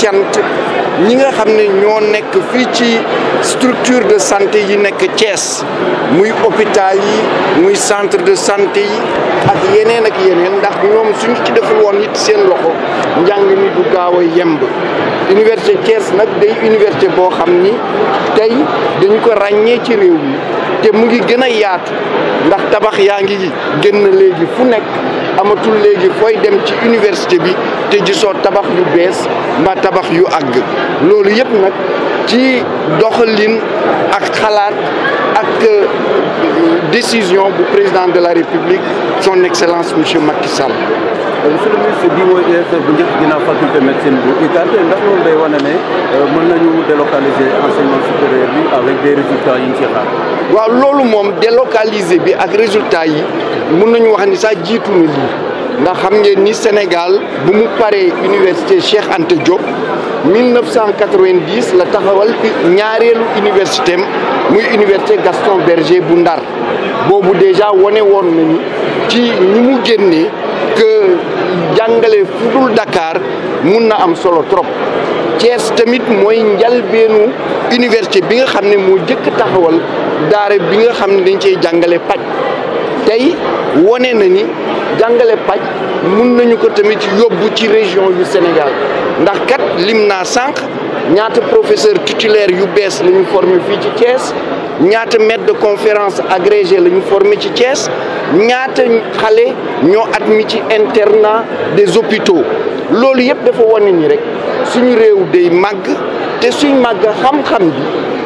cant ñi nga xam ne ñoo nekk fii ci structure de santé yi nekk cees muy hôpital yi muy centre de santé yi ak yeneen ak yeneen ndax ñoom suñu ci deful woon it seen loxo njàng mi du gaaw a yemb université Thiès nag day université boo xam ni tey dañu ko ràññee ci réew mi te mu ngi gën a yaatu ndax tabax yaa ngi na léegi fu nekk amatul léegi fooy dem ci université bi te gisoo tabax yu bees mbaa tabax yu àgg loolu yëpp nag ci doxalin ak xalaat ak décision du président de la république son excellence M. Macky Sall. Euh, monsieur le ministre euh, faculté médecine euh, délocaliser supérieur avec des résultats que vous que loolu avec des résultats yi que nañu que nous avons vous Nous Sénégal vous avons Cheikh Anta Diop 1990 la taxawal nous Gaston Berger boundar boobu déjà wane woon nañu ci ñi mu génnee que jàngale fu dul Dakar mun na am solo trop cees tamit mooy njalbeenu université bi nga xam ne moo jëkk taxawal daara bi nga xam ne dañ cey jàngale paj tey wone na ni jàngale paj mun nañu ko tamit yóbbu ci région yu Sénégal ndax kat lim naa sànq ñaata professeur titulaire yu bees la ñu fii ci Thiès ñaata maître de conférence agrégé la ñu formé ci Thiès ñaata xale ñoo at admis ci internat des hôpitaux loolu yëpp dafa wane ni rek suñu réew day màgg te suñ màgg xam-xam bi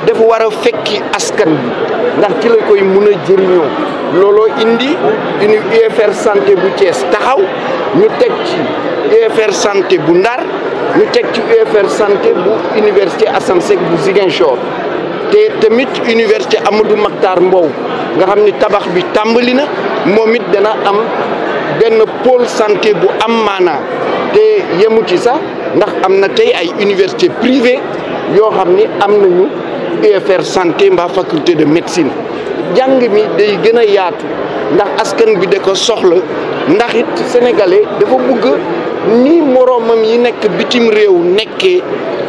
dafa war a fekki askan bi ndax ci la koy mun a jëriñoo looloo indi une UFR santé bu Thiès taxaw ñu teg ci UFR santé bu Ndar ñu teg ci UFR santé bu université Assane Seck bu Ziguinchor. te tamit université Amadou Mahtar Mbow nga xam ni tabax bi tàmbali na moom it dana am benn pôle santé bu am maanaa te yemu ci sax ndax am na tey ay université privée yoo xam ni am nañu UFR santé mbaa faculté de médecine jàng mi day gën a yaatu ndax askan bi da ko soxla ndax it sénégalais dafa bëgg ni moroomam yi nekk bitim réew nekkee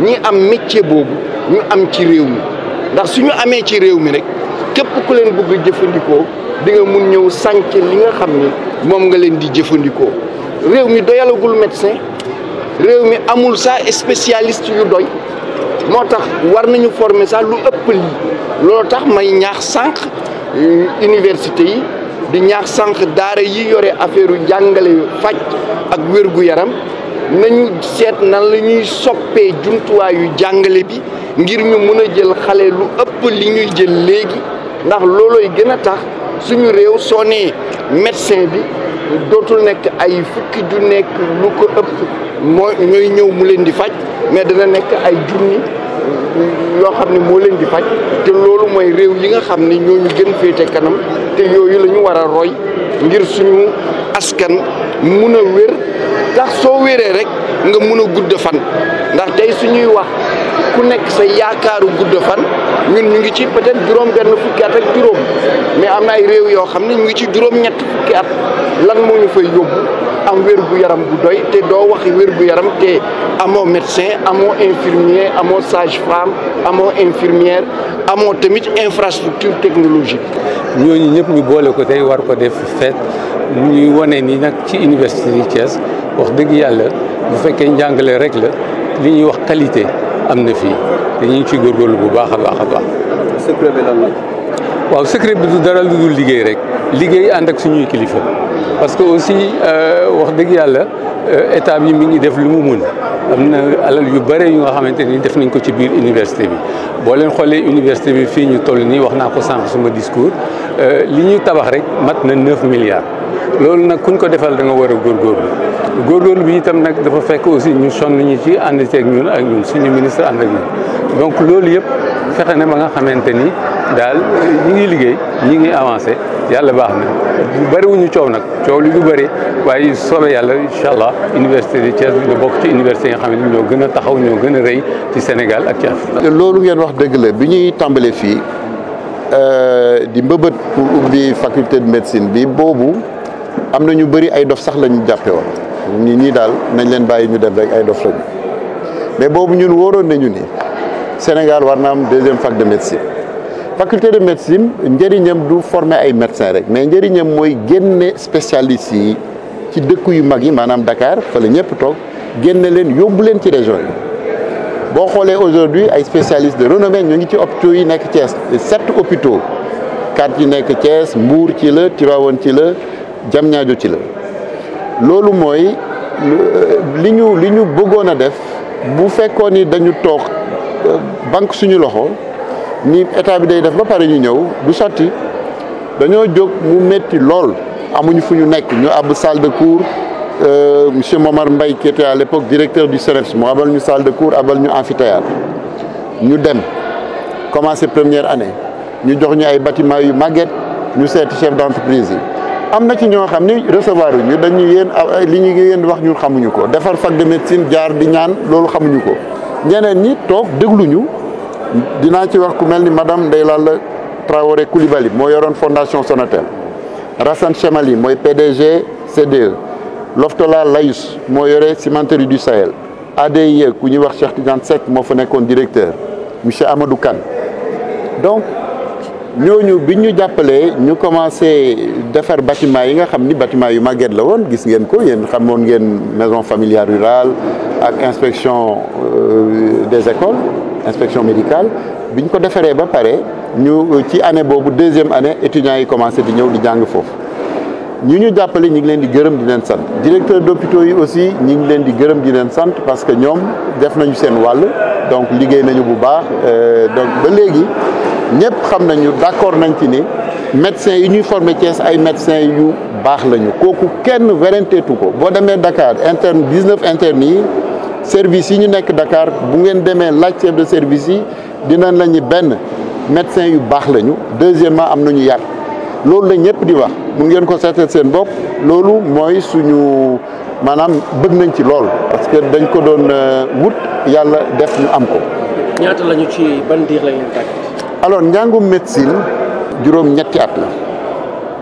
ñi am métier boobu ñu am ci réew mi ndax su ñu amee ci réew mi rek képp ku leen bugg jëfandikoo di mun ñëw sànc li nga xam ni moom nga leen di jëfandikoo réew mi doyalagul médecin réew mi amul saa spécialiste yu doy moo tax war nañu former sax lu ëpp lii loolu tax may ñaax sànq euh, université yi di ñaax sànq daara yi yore affaire yu jàngale faj ak wér gu yaram nañu seet nan lañuy ñuy soppee jumtuwaayu jàngale bi ngir ñu mun a jël xale lu ëpp li ñuy jël léegi ndax loolooy gën a tax suñu réew soo nee médecin bi dootul nekk ay fukki ju nekk lu ko ëpp moo ñooy ñëw mu leen di faj mais dina nekk ay junni yoo xam ne moo leen di faj te loolu mooy réew yi nga xam ne ñooñu gën féete kanam te yooyu la ñu war a roy ngir suñu askan mun a wér tax soo wéree rek nga mun a gudd fan ndax tey suñuy wax ku nekk sa yaakaaru gudd fan ñun ñu ngi ci peut-être juróom benn fukki at ak juróom mais am na ay réew yoo xam ne ñu ngi ci juróom ñett fukki at lan moo ñu fay yóbbu am wér gu yaram bu doy te doo waxi wér gu yaram te amoo médecin amoo infirmier amoo sage femme amoo infirmière amoo tamit infrastructure technologique. ñooñu ñëpp ñu boole ko tey war ko def fête ñuy wane ni nag ci université yi Thiès wax dëgg yàlla bu fekkee njàngale rek la li ñuy wax qualité am na fii dañuy ci góorgóorlu bu baax a baax a baax. waaw secret bi du dara lu dul liggéey rek liggéey ànd ak suñuy kilifa. parce que aussi euh, wax dëgg yàlla euh, état bi mi ngi def lu mu mun am na alal yu bare yu nga xamante ni def nañ ko ci biir université bi boo leen xoolee université bi fii ñu toll nii wax naa ko sànq suma discours euh, li ñuy tabax rek mat na 9 milliards loolu nag ku kuñ ko defal da nga war a góor góorgóorlu bi itam nag dafa fekk aussi ñu sonn ñu ci ànd ceeg ñun ak ñun suñu ministre ànd ak ñun donc loolu yëpp fexe ne ba nga xamante ni daal ñi ngi liggéey ñi ngi avancé yàlla baax na bariwuñu coow nag coow li du bëri waaye soobee yàlla incha allah université de Thiès bi bokk ci université yi nga xam ne ñoo gën a taxaw ñoo gën a rëy ci Sénégal ak ci Afrique. loolu ngeen wax dëgg la bi ñuy tàmbalee fii euh, di mbëbët pour ubbi faculté de médecine bi boobu am na ñu bëri ay dof sax la ñu jàppe woon ñi ñii daal nañ leen bàyyi ñu dem rek ay dof lañu mais boobu ñun Sénégal war na am deuxième fac de médecine faculté de médecine njëriñam du former ay médecins rek mais njëriñam mooy génne spécialistes yi ci dëkk yu mag yi maanaam dakaar fala la ñëpp toog génne leen yóbbu leen ci région yi boo xoolee aujourd'hui ay spécialistes de renommée ñu ngi ci hôpitaux yi nekk cees sept hôpitaux quatre yi nekk Thiès Mbour ci la Tivaouane ci la Diamniadio ci la loolu mooy euh, li ñu li ñu bëggoon a def bu fekkoon ni dañu toog. banque suñu loxo ni état bi day def ba paré ñu ñëw du sotti dañoo jog mu metti lool amuñu fuñu nekk ñu ab salle de cours euh, monsieur Momar Mbaye qui était à l'époque directeur du CNEPS mo abal ñu salle de cours abal ñu amphithéâtre ñu dem commencé première année ñu jox ñu ay bâtiment yu maguette ñu seeti chef d'entreprise yi am na ci ñoo xam ni recevoir ñu dañu yéen li ñu yéen wax ñun xamuñu ko defar fac de médecine jaar di ñaan loolu xamuñu ko ñeneen ñi toog dégluñu dinaa ci wax ku mel madame Ndeye Traoré Coulibaly moo fondation Sonatel Rassane Chemali mooy PDG CDE Loftola Layus moo yore cimenterie du Sahel ADIE ku ñuy wax Cheikh Tidiane Seck moo fa nekkoon directeur monsieur Amadou Kane donc nous bi ñu jàppalee ñu commencé defar bâtiment yi nga xamni bâtiment yu màgget la woon gis ngeen ko yéen xamone ngeen maison familiale rurale ak inspection euh, des écoles inspection médicale biñ ko defaree ba paré ñu euh, ci année boobu deuxième année étudiants yi commencé di ñëw di jang fofu ñu ñu jappalé ñi ngi leen di gërëm di leen sant directeur d'hôpitaux yi aussi ñi ngi leen di gërëm di leen sant parce que ñom def nañu seen wàll donc liggéey nañu bu baax euh, donc ba légui ñëpp xam nañu d'accord nañ ci ni médecins yi ñuy former Thiès ay médecins yu baax lañu kooku kenn werenteetu ko boo demee ndakaar interne 19 internes yi service yi ñu nekk Dakar bu ngeen demee laaj chef de service yi dinañ la ñu benn médecin yu baax lañu deuxièmement am nañu yar loolu la ñëpp di wax mu ngeen ko seetal seen bopp loolu mooy suñu maanaam bëgg nañ ci lool parce que dañ ko doon euh, wut yàlla def ñu am ko. ñaata lañu ci ban diir lañu tàgg. Alors, nous médecine, durom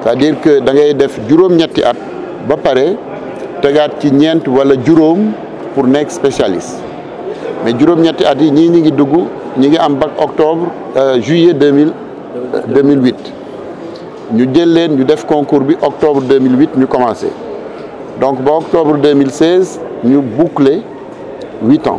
C'est-à-dire que dans les def durom pour next spécialiste. Mais nous, nous ni en octobre, euh, juillet 2008. Nous avons commencé def concours octobre 2008, nous Donc, en octobre 2016, nous avons bouclé 8 ans.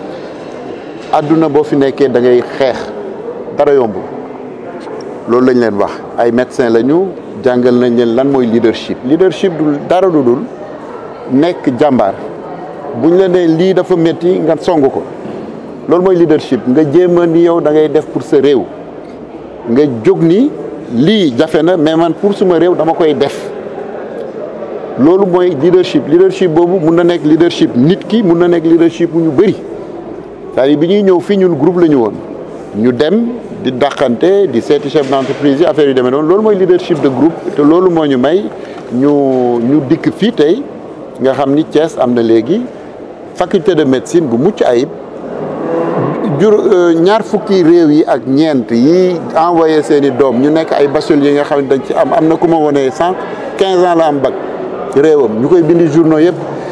àdduna boo fi nekkee da ngay xeex dara yomb loolu lañ leen wax ay médecin lañu jàngal nañ leen lan mooy leadership leadership du dara du dul nekk jàmbaar buñ la nee lii dafa métti nga song ko loolu mooy leadership nga jéem a ni yow da ngay def pour sa réew nga jóg ni lii jafe na mais man pour suma réew dama koy def loolu mooy leadership leadership boobu mun na nekk leadership nit ki mun na nekk leadership bu ñu bëri cest à bi ñuy ñëw fii ñun groupe la ñu woon ñu dem di daqante di seeti chef d'entreprise yi affaire yu demee noonu loolu mooy leadership de groupe te loolu moo ñu may ñu ñu dikk fii tey nga xam ni cees am na léegi faculté de médecine bu mucc ayib jur euh, ñaar fukki réew yi ak ñeent yi envoyé seen i doom ñu nekk ay bacheliers yi nga xam ne dañ ci am am na ku ma wonee cent quinze ans la am bag réewam ñu koy bindi journaux yëpp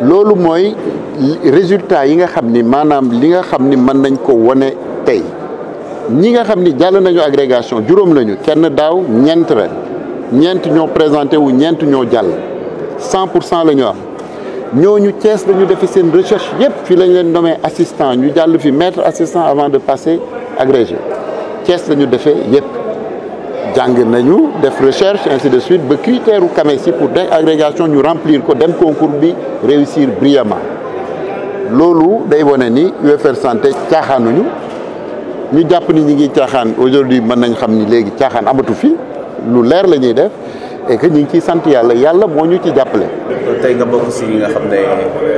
loolu moy résultat yi nga xamni manam li nga xamni man nañ ko woné tey ñi nga xamni jall nañu agrégation juróom lañu kenn daw ñent ren ñent ñoo présenté wu ñent ñoo jall 100% lañu cent la am ñooñu Thiès lañu ñu seen recherche yépp fi lañ leen nommé assistant ñu jàll fi maître assistant avant de passer agrégé Thiès lañu défé yépp jàng nañu def recherche ainsi de suite ba critère u CAMES yi pour désagrégation ñu remplir ko dem concours bi réussir brillamment loolu day wone ni UFR santé caaxaanuñu ñu jàpp ni ñu ngi caaxaan aujourd'hui mën nañ xam ni léegi caaxaan amatu fi lu leer la ñuy def et que ñu ngi ciy sant yàlla yàlla moo ñu ci jàppale. tey nga bokk si ñi nga xam ne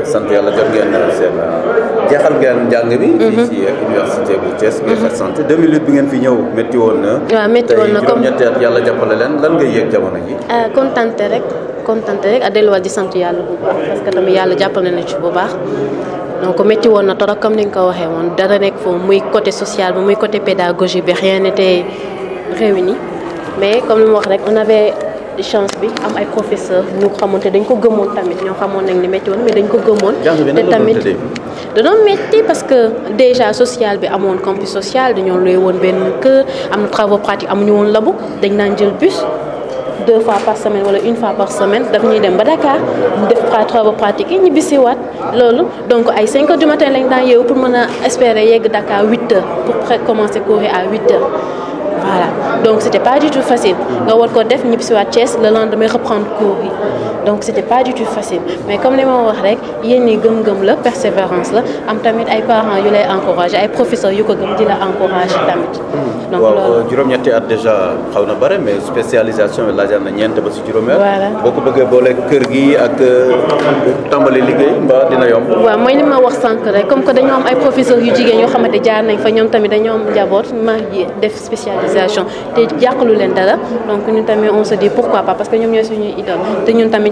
sant yàlla jot ngeen seen euh, jeexal njàng bi. Mhm. Euh, bu Thiès. bi fekk mhm. santé 2008 bi ngeen fi ñëw métti woon na. waaw métti woon na comme tey juróom-ñetti at yàlla jàppale leen lan ngay yëg jamono ji. ah euh, kontante rek kontante rek a delluwaat di sant yàlla bu baax parce que tamit yàlla jàppale na ci bu baax. donc métti woon na torop comme ni nga ko waxee woon dara nekk foofu muy côté social bi muy côté pédagogie bi rien n'était réuni mais comme li mu wax rek chance bi am ay professeurs ñu xamanté dañ ko gëmoon tamit ñoo xamone nak ni metti won mais dañ ko gëmoon té tamit dañu metti parce que déjà social bi amone campus social dañu looy won ben kër am na travaux pratiques ñu won labu dañ nañ jël bus deux fois par semaine wala une fois par semaine daf ñuy dem ba Dakar def travaux pratiques ñi bisi wat lolu donc ay 5 h du matin lañ dan yew pour mën espérer yegg Dakar 8 h pour commencer courir à 8 h voilà. Donc, c'était pas du tout facile. Donc, war ko def ñibbisiwaat Thiès le lendemain reprendre cours donc c'était pas du tout facile mais comme les ma wax rek yéen gëm-gëm la persévérance la am tamit ay parents yu lay encourager ay professeurs yu ko gëm di la encouragé tamit. donc waaw euh, juróom-ñetti at déjà xawna bare mais spécialisation la laajal na ñeent ba si juróomi at. beaucoup bëggé bolé bëggee kër gi ak euh, tambalé liggéey mbaa dina yom wa moy li ma wax sank rek comme que dañu am ay professeurs yu jigéen yoo xamanté jaar nañ fa ñom tamit dañu am njaboot ma def spécialisation té jàqalu len dara donc ñun tamit on se dit pourquoi pas parce que ñom ñoy suñu idole té ñun tamit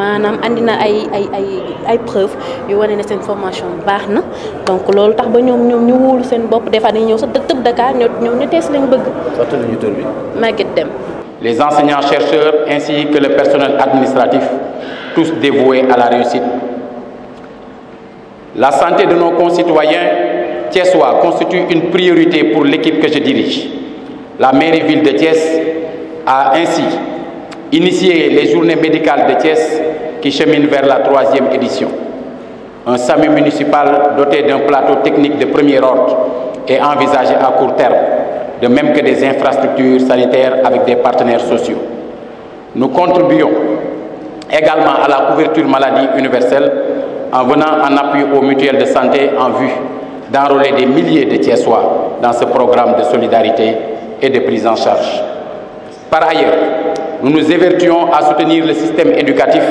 donc les enseignants chercheurs ainsi que le personnel administratif tous dévoués à la réussite. La santé de nos concitoyens thiessois constitue une priorité pour l'équipe que je dirige. La mairie ville de Thiès a ainsi initié les journées médicales de Thiès qui chemine vers la troisième édition. Un SAMU municipal doté d'un plateau technique de premier ordre est envisagé à court terme, de même que des infrastructures sanitaires avec des partenaires sociaux. Nous contribuons également à la couverture maladie universelle en venant en appui aux mutuelles de santé en vue d'enrôler des milliers de Thiessois dans ce programme de solidarité et de prise en charge. Par ailleurs, nous nous évertuons à soutenir le système éducatif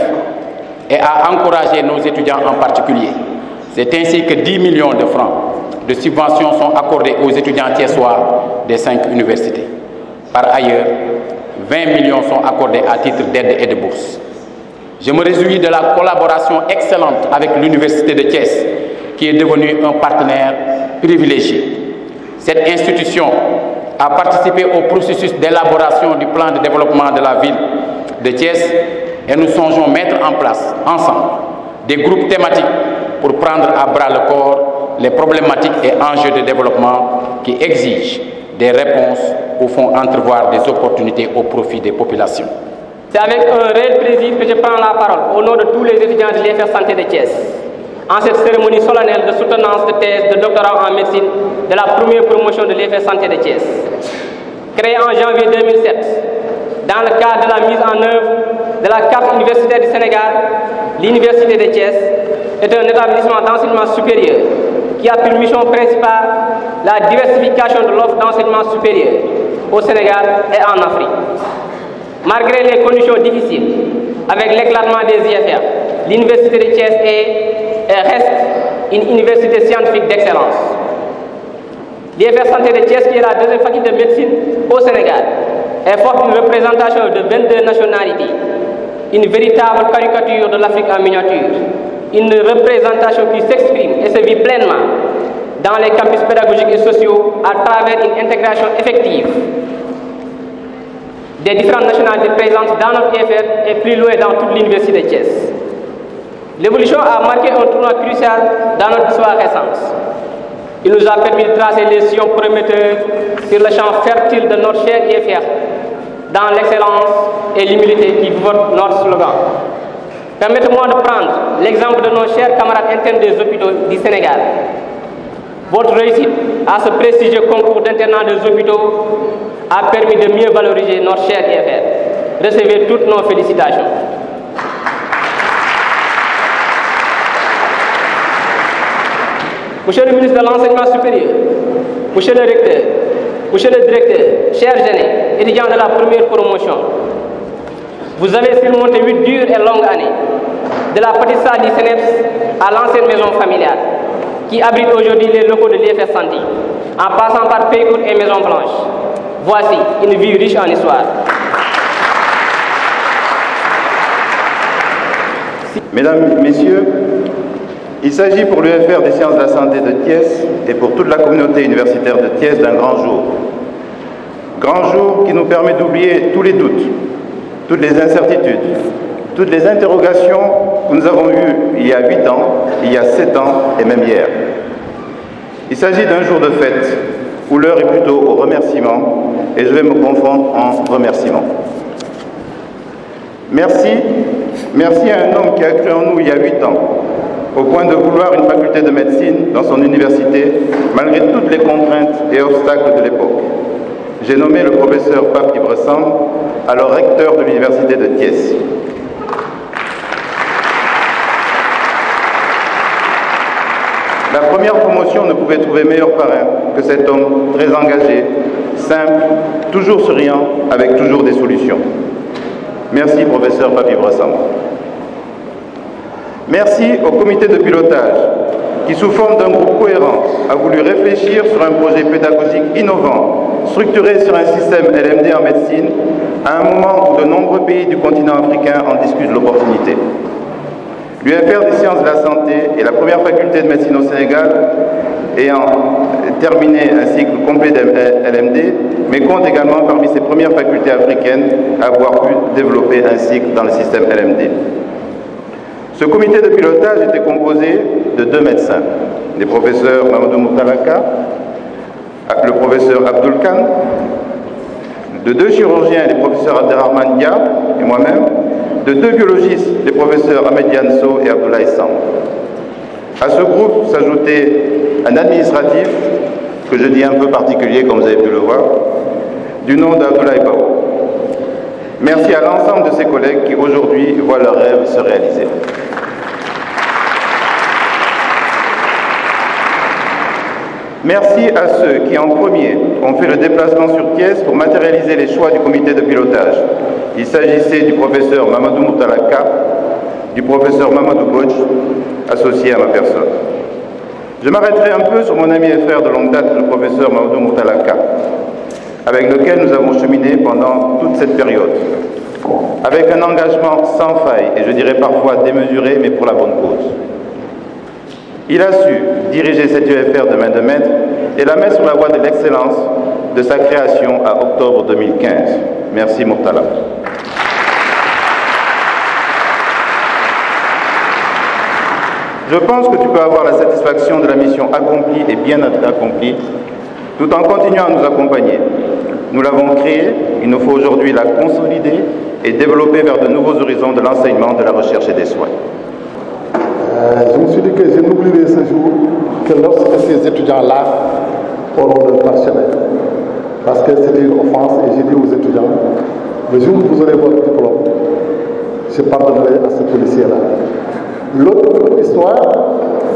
et à encourager nos étudiants en particulier. C'est ainsi que 10 millions de francs de subventions sont accordés aux étudiants tiers des cinq universités. Par ailleurs, 20 millions sont accordés à titre d'aide et de bourse. Je me réjouis de la collaboration excellente avec l'Université de Thiès, qui est devenue un partenaire privilégié. Cette institution a participé au processus d'élaboration du plan de développement de la ville de Thiès et nous songeons mettre en place ensemble des groupes thématiques pour prendre à bras le corps les problématiques et enjeux de développement qui exigent des réponses ou font entrevoir des opportunités au profit des populations. C'est avec un réel plaisir que je prends la parole au nom de tous les étudiants de l'IFS Santé de Thiès en cette cérémonie solennelle de soutenance de thèse de doctorat en médecine de la première promotion de l'IFS Santé de Thiès. Créée en janvier 2007 dans le cadre de la mise en œuvre de la carte universitaire du Sénégal, l'Université de Thiès est un établissement d'enseignement supérieur qui a pour mission principale la diversification de l'offre d'enseignement supérieur au Sénégal et en Afrique. Malgré les conditions difficiles, avec l'éclatement des IFR, l'Université de Thiès est, reste une université scientifique d'excellence. L'IFR Santé de Thiès, qui est la deuxième faculté de médecine au Sénégal, est forte une représentation de 22 nationalités une véritable caricature de l'Afrique en miniature, une représentation qui s'exprime et se vit pleinement dans les campus pédagogiques et sociaux à travers une intégration effective des différentes nationalités présentes dans notre EFR et plus loin dans toute l'université de Thiès. L'évolution a marqué un tournant crucial dans notre histoire récente. Il nous a permis de tracer des sillons prometteurs sur le champ fertile de notre chère IFR dans l'excellence et l'humilité qui votent notre slogan. Permettez-moi de prendre l'exemple de nos chers camarades internes des hôpitaux du Sénégal. Votre réussite à ce prestigieux concours d'internat des hôpitaux a permis de mieux valoriser notre cher IFR. Recevez toutes nos félicitations. Monsieur le ministre de l'Enseignement supérieur, Monsieur le recteur, Monsieur le directeur, chers jeunes, étudiants de la première promotion, vous avez surmonté huit dures et longues années, de la petite salle du CNEPS à l'ancienne maison familiale, qui abrite aujourd'hui les locaux de l'IFS Santé, en passant par Pécourt et Maison Blanche. Voici une vie riche en histoire. Mesdames, Messieurs, il s'agit pour l'UFR des sciences de la santé de Thiès et pour toute la communauté universitaire de Thiès d'un grand jour. Grand jour qui nous permet d'oublier tous les doutes, toutes les incertitudes, toutes les interrogations que nous avons eues il y a huit ans, il y a sept ans et même hier. Il s'agit d'un jour de fête où l'heure est plutôt au remerciement et je vais me confondre en remerciement. Merci, merci à un homme qui a cru en nous il y a huit ans, au point de vouloir une faculté de médecine dans son université, malgré toutes les contraintes et obstacles de l'époque j'ai nommé le professeur Pape Ibressan, alors recteur de l'université de Thiès. La première promotion ne pouvait trouver meilleur parrain que cet homme très engagé, simple, toujours souriant, avec toujours des solutions. Merci professeur Papi Brassam. Merci au comité de pilotage qui, sous forme d'un groupe cohérent, a voulu réfléchir sur un projet pédagogique innovant, structuré sur un système LMD en médecine, à un moment où de nombreux pays du continent africain en discutent l'opportunité. L'UFR des sciences de la santé est la première faculté de médecine au Sénégal ayant terminé un cycle complet de LMD, mais compte également parmi ses premières facultés africaines avoir pu développer un cycle dans le système LMD. Ce comité de pilotage était composé de deux médecins, les professeurs Mamadou Moutalaka, le professeur Abdul Khan, de deux chirurgiens, les professeurs Abderrahman Dia et moi-même, de deux biologistes, les professeurs Ahmed Yanso et Abdoulaye Sam. À ce groupe s'ajoutait un administratif, que je dis un peu particulier comme vous avez pu le voir, du nom d'Abdoulaye Baou. Merci à l'ensemble de ces collègues qui aujourd'hui voient leur rêve se réaliser. Merci à ceux qui, en premier, ont fait le déplacement sur pièce pour matérialiser les choix du comité de pilotage. Il s'agissait du professeur Mamadou Moutalaka, du professeur Mamadou Bouch, associé à ma personne. Je m'arrêterai un peu sur mon ami et frère de longue date, le professeur Mamadou Moutalaka avec lequel nous avons cheminé pendant toute cette période, avec un engagement sans faille et je dirais parfois démesuré, mais pour la bonne cause. Il a su diriger cette UFR de main de maître et la mettre sur la voie de l'excellence de sa création à octobre 2015. Merci Murtala. Je pense que tu peux avoir la satisfaction de la mission accomplie et bien accomplie, tout en continuant à nous accompagner nous l'avons créée, il nous faut aujourd'hui la consolider et développer vers de nouveaux horizons de l'enseignement, de la recherche et des soins. Euh, je me suis dit que j'ai oublié ce jour que lorsque ces étudiants-là auront leur passionné, Parce que c'était une offense et j'ai dit aux étudiants, le jour où vous aurez votre diplôme, je pardonnerai à ce policier-là. L'autre histoire,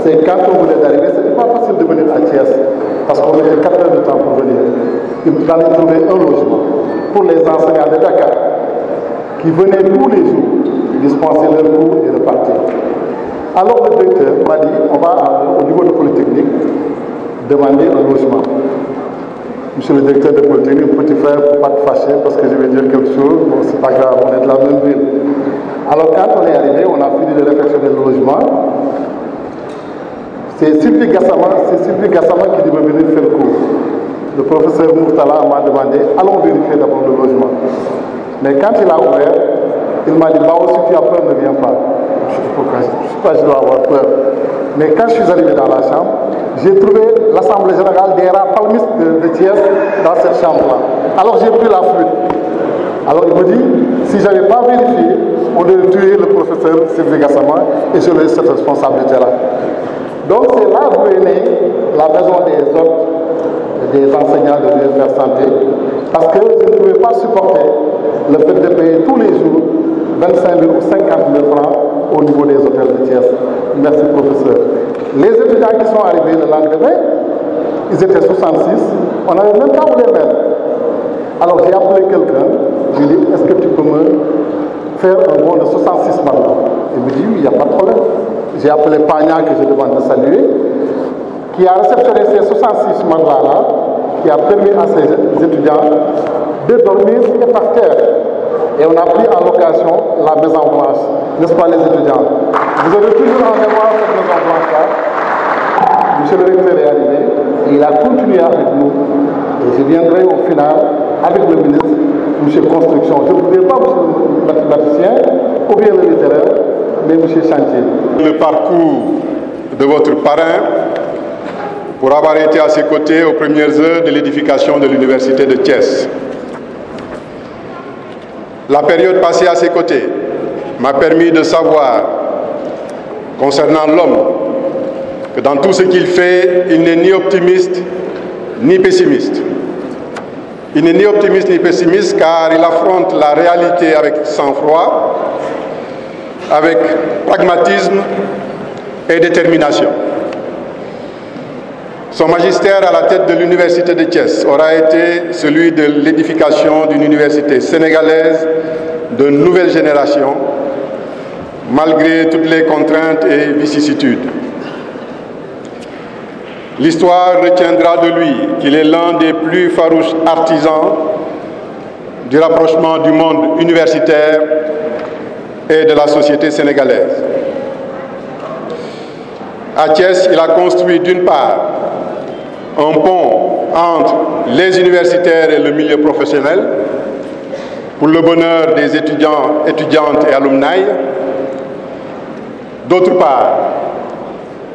c'est quand on voulait arriver, ce n'était pas facile de venir à Thiès parce qu'on avait 4 heures de temps pour venir. Il fallait trouver un logement pour les enseignants de Dakar qui venaient tous les jours dispenser leurs cours et repartir. Alors le directeur m'a dit, on va euh, au niveau de Polytechnique demander un logement. Monsieur le directeur de Polytechnique, petit frère, ne pas te fâcher parce que je vais dire quelque chose, bon, c'est pas grave, on est de la même ville. Alors quand on est arrivé, on a fini de réfectionner le logement c'est Sylvie Gassama, c'est Sylvie Gassama qui devait venir faire le cours. Le professeur Murtala m'a demandé, allons vérifier d'abord le logement. Mais quand il a ouvert, il m'a dit, bah si tu as peur, ne viens pas. Je ne sais, pas, je dois avoir peur. Mais quand je suis arrivé dans la chambre, j'ai trouvé l'Assemblée générale des rats de, de dans cette chambre-là. Alors j'ai pris la flûte. Alors il me dit, si je n'avais pas vérifié, on aurait tué le professeur Sylvie Gassama et je laisse cette responsabilité-là. Donc c'est là où est née la maison des autres, des enseignants de la santé, parce que je ne pouvais pas supporter le fait de payer tous les jours 25 000 ou 50 000 francs au niveau des hôtels de Thiès. Merci professeur. Les étudiants qui sont arrivés le lendemain, ils étaient 66, on n'avait même pas voulu mettre. Alors j'ai appelé quelqu'un, je lui ai dit, est-ce que tu peux me faire un bon de 66 par Il me dit, oui, il n'y a pas de problème j'ai appelé Pagna, que je demande de saluer, qui a accepté ces 66 mandats-là, qui a permis à ses étudiants de dormir et par terre. Et on a pris en location la Maison Blanche, n'est-ce pas les étudiants Vous avez toujours en mémoire cette Maison Blanche-là. Monsieur le recteur est arrivé, et il a continué avec nous. Et je viendrai au final avec le ministre, M. Construction. Je ne voudrais pas, monsieur le mathématicien, ou bien le littéraire, le parcours de votre parrain pour avoir été à ses côtés aux premières heures de l'édification de l'université de Thiès. La période passée à ses côtés m'a permis de savoir, concernant l'homme, que dans tout ce qu'il fait, il n'est ni optimiste ni pessimiste. Il n'est ni optimiste ni pessimiste car il affronte la réalité avec sang-froid avec pragmatisme et détermination. Son magistère à la tête de l'université de Thiès aura été celui de l'édification d'une université sénégalaise de nouvelle génération, malgré toutes les contraintes et vicissitudes. L'histoire retiendra de lui qu'il est l'un des plus farouches artisans du rapprochement du monde universitaire et de la société sénégalaise. À Thiès, il a construit d'une part un pont entre les universitaires et le milieu professionnel pour le bonheur des étudiants, étudiantes et alumni. D'autre part,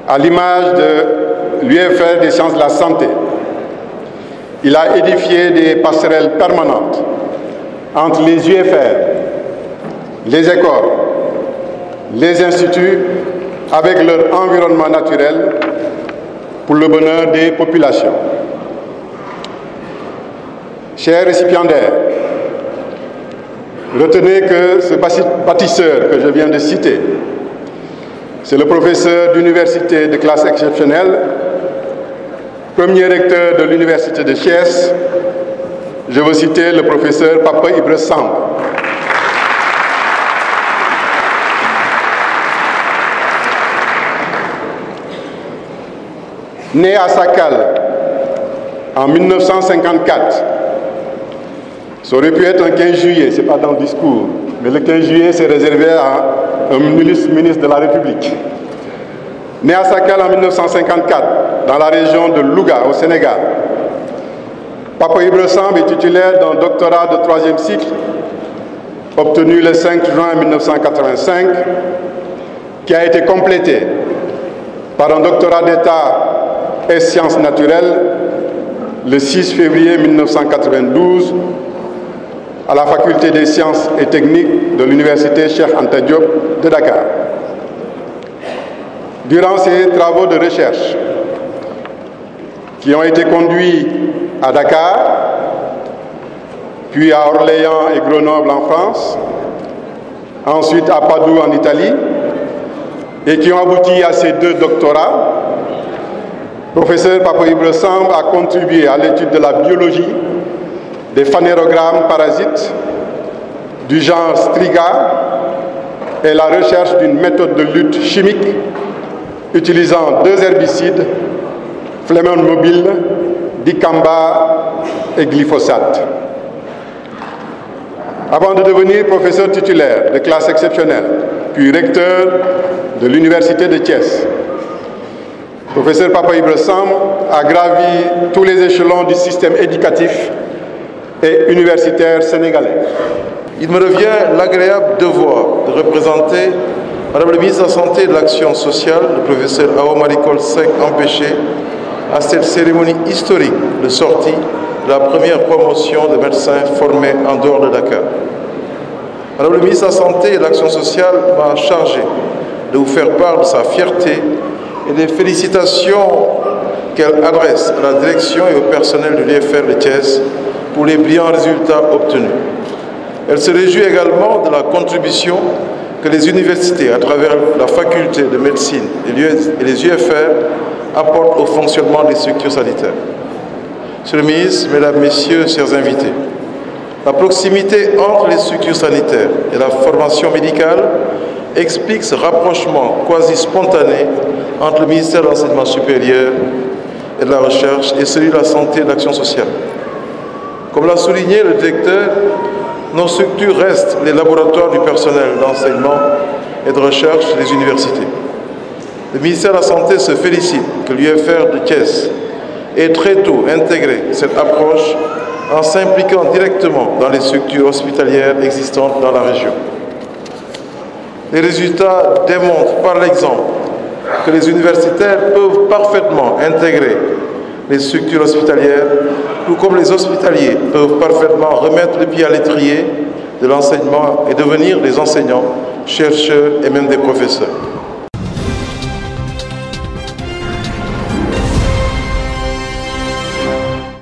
à l'image de l'UFR des sciences de la santé, il a édifié des passerelles permanentes entre les UFR les écoles, les instituts avec leur environnement naturel pour le bonheur des populations. Chers récipiendaires, retenez que ce bâtisseur que je viens de citer, c'est le professeur d'université de classe exceptionnelle, premier recteur de l'université de Chiès, je veux citer le professeur Papa Ibre Né à Sakal en 1954, ça aurait pu être un 15 juillet, c'est pas dans le discours, mais le 15 juillet, c'est réservé à un ministre de la République. Né à Sakal en 1954, dans la région de Louga, au Sénégal, Papa Ibrahim est titulaire d'un doctorat de troisième cycle, obtenu le 5 juin 1985, qui a été complété par un doctorat d'État et sciences naturelles le 6 février 1992 à la faculté des sciences et techniques de l'université Cheikh Anta de Dakar. Durant ces travaux de recherche qui ont été conduits à Dakar, puis à Orléans et Grenoble en France, ensuite à Padoue en Italie, et qui ont abouti à ces deux doctorats, professeur Papa Samb a contribué à l'étude de la biologie des phanérogrammes parasites du genre Striga et la recherche d'une méthode de lutte chimique utilisant deux herbicides, flémone mobile, dicamba et glyphosate. Avant de devenir professeur titulaire de classe exceptionnelle, puis recteur de l'Université de Thiès, Professeur Papa Ibrahim a gravi tous les échelons du système éducatif et universitaire sénégalais. Il me revient l'agréable devoir de représenter Madame le ministre de la Santé et de l'Action sociale, le professeur Ao-Maricol V empêché à cette cérémonie historique de sortie de la première promotion de médecins formés en dehors de Dakar. Madame le ministre de la Santé et de l'Action sociale m'a chargé de vous faire part de sa fierté et des félicitations qu'elle adresse à la direction et au personnel de l'UFR de Thiès pour les brillants résultats obtenus. Elle se réjouit également de la contribution que les universités, à travers la faculté de médecine et les UFR, apportent au fonctionnement des structures sanitaires. Monsieur le ministre, Mesdames, Messieurs, chers invités, la proximité entre les structures sanitaires et la formation médicale explique ce rapprochement quasi spontané entre le ministère de l'Enseignement supérieur et de la Recherche et celui de la Santé et de l'Action sociale. Comme l'a souligné le directeur, nos structures restent les laboratoires du personnel d'enseignement et de recherche des universités. Le ministère de la Santé se félicite que l'UFR de Thiès ait très tôt intégré cette approche en s'impliquant directement dans les structures hospitalières existantes dans la région. Les résultats démontrent par l'exemple que les universitaires peuvent parfaitement intégrer les structures hospitalières, tout comme les hospitaliers peuvent parfaitement remettre le pied à l'étrier de l'enseignement et devenir des enseignants, chercheurs et même des professeurs.